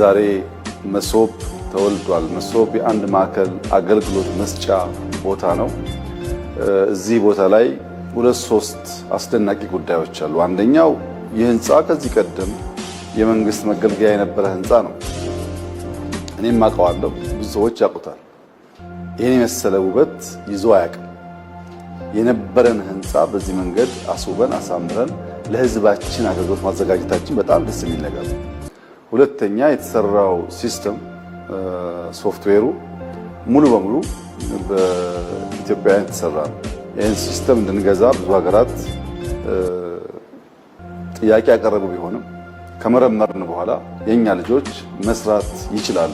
ዛሬ መሶብ ተወልዷል። መሶብ የአንድ ማዕከል አገልግሎት መስጫ ቦታ ነው። እዚህ ቦታ ላይ ሁለት ሶስት አስደናቂ ጉዳዮች አሉ። አንደኛው ይህ ህንፃ ከዚህ ቀደም የመንግስት መገልገያ የነበረ ህንፃ ነው። እኔም አውቀዋለሁ፣ ብዙ ሰዎች ያውቁታል። ይህን የመሰለ ውበት ይዞ አያውቅም። የነበረን ህንፃ በዚህ መንገድ አስውበን አሳምረን ለህዝባችን አገልግሎት ማዘጋጀታችን በጣም ደስ የሚል ነገር ነው። ሁለተኛ የተሰራው ሲስተም ሶፍትዌሩ ሙሉ በሙሉ በኢትዮጵያውያን የተሰራ ነው። ይህን ሲስተም እንድንገዛ ብዙ ሀገራት ጥያቄ ያቀረቡ ቢሆንም ከመረመርን በኋላ የእኛ ልጆች መስራት ይችላሉ፣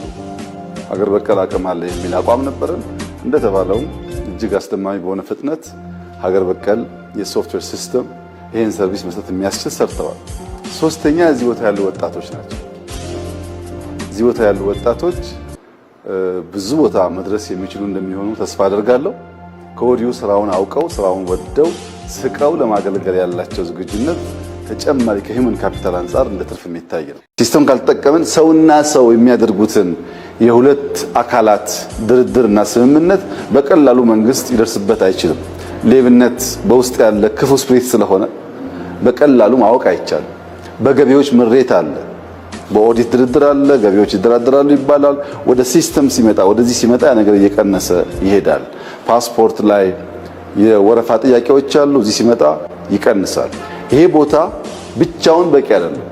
ሀገር በቀል አቅም አለ የሚል አቋም ነበረን። እንደተባለውም እጅግ አስደማሚ በሆነ ፍጥነት ሀገር በቀል የሶፍትዌር ሲስተም ይህን ሰርቪስ መስጠት የሚያስችል ሰርተዋል። ሶስተኛ እዚህ ቦታ ያሉ ወጣቶች ናቸው። እዚህ ቦታ ያሉ ወጣቶች ብዙ ቦታ መድረስ የሚችሉ እንደሚሆኑ ተስፋ አደርጋለሁ። ከወዲሁ ስራውን አውቀው ስራውን ወደው ስቀው ለማገልገል ያላቸው ዝግጁነት ተጨማሪ ከሂውመን ካፒታል አንጻር እንደ ትርፍ የሚታይ ነው። ሲስተም ካልተጠቀምን ሰውና ሰው የሚያደርጉትን የሁለት አካላት ድርድርና ስምምነት በቀላሉ መንግስት ይደርስበት አይችልም። ሌብነት በውስጥ ያለ ክፉ ስፕሪት ስለሆነ በቀላሉ ማወቅ አይቻልም። በገቢዎች ምሬት አለ። በኦዲት ድርድር አለ፣ ገቢዎች ይደራደራሉ ይባላል። ወደ ሲስተም ሲመጣ ወደዚህ ሲመጣ ያ ነገር እየቀነሰ ይሄዳል። ፓስፖርት ላይ የወረፋ ጥያቄዎች አሉ፣ እዚህ ሲመጣ ይቀንሳል። ይሄ ቦታ ብቻውን በቂ አይደለም።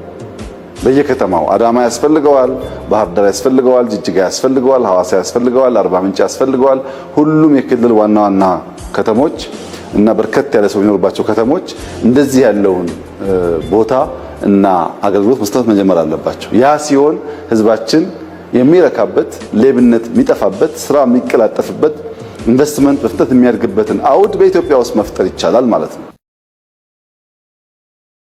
በየከተማው አዳማ ያስፈልገዋል፣ ባህር ዳር ያስፈልገዋል፣ ጅጅጋ ያስፈልገዋል፣ ሐዋሳ ያስፈልገዋል፣ አርባ ምንጭ ያስፈልገዋል። ሁሉም የክልል ዋና ዋና ከተሞች እና በርከት ያለ ሰው የሚኖርባቸው ከተሞች እንደዚህ ያለውን ቦታ እና አገልግሎት መስጠት መጀመር አለባቸው። ያ ሲሆን ህዝባችን የሚረካበት፣ ሌብነት የሚጠፋበት፣ ስራ የሚቀላጠፍበት፣ ኢንቨስትመንት በፍጥነት የሚያድግበትን አውድ በኢትዮጵያ ውስጥ መፍጠር ይቻላል ማለት ነው።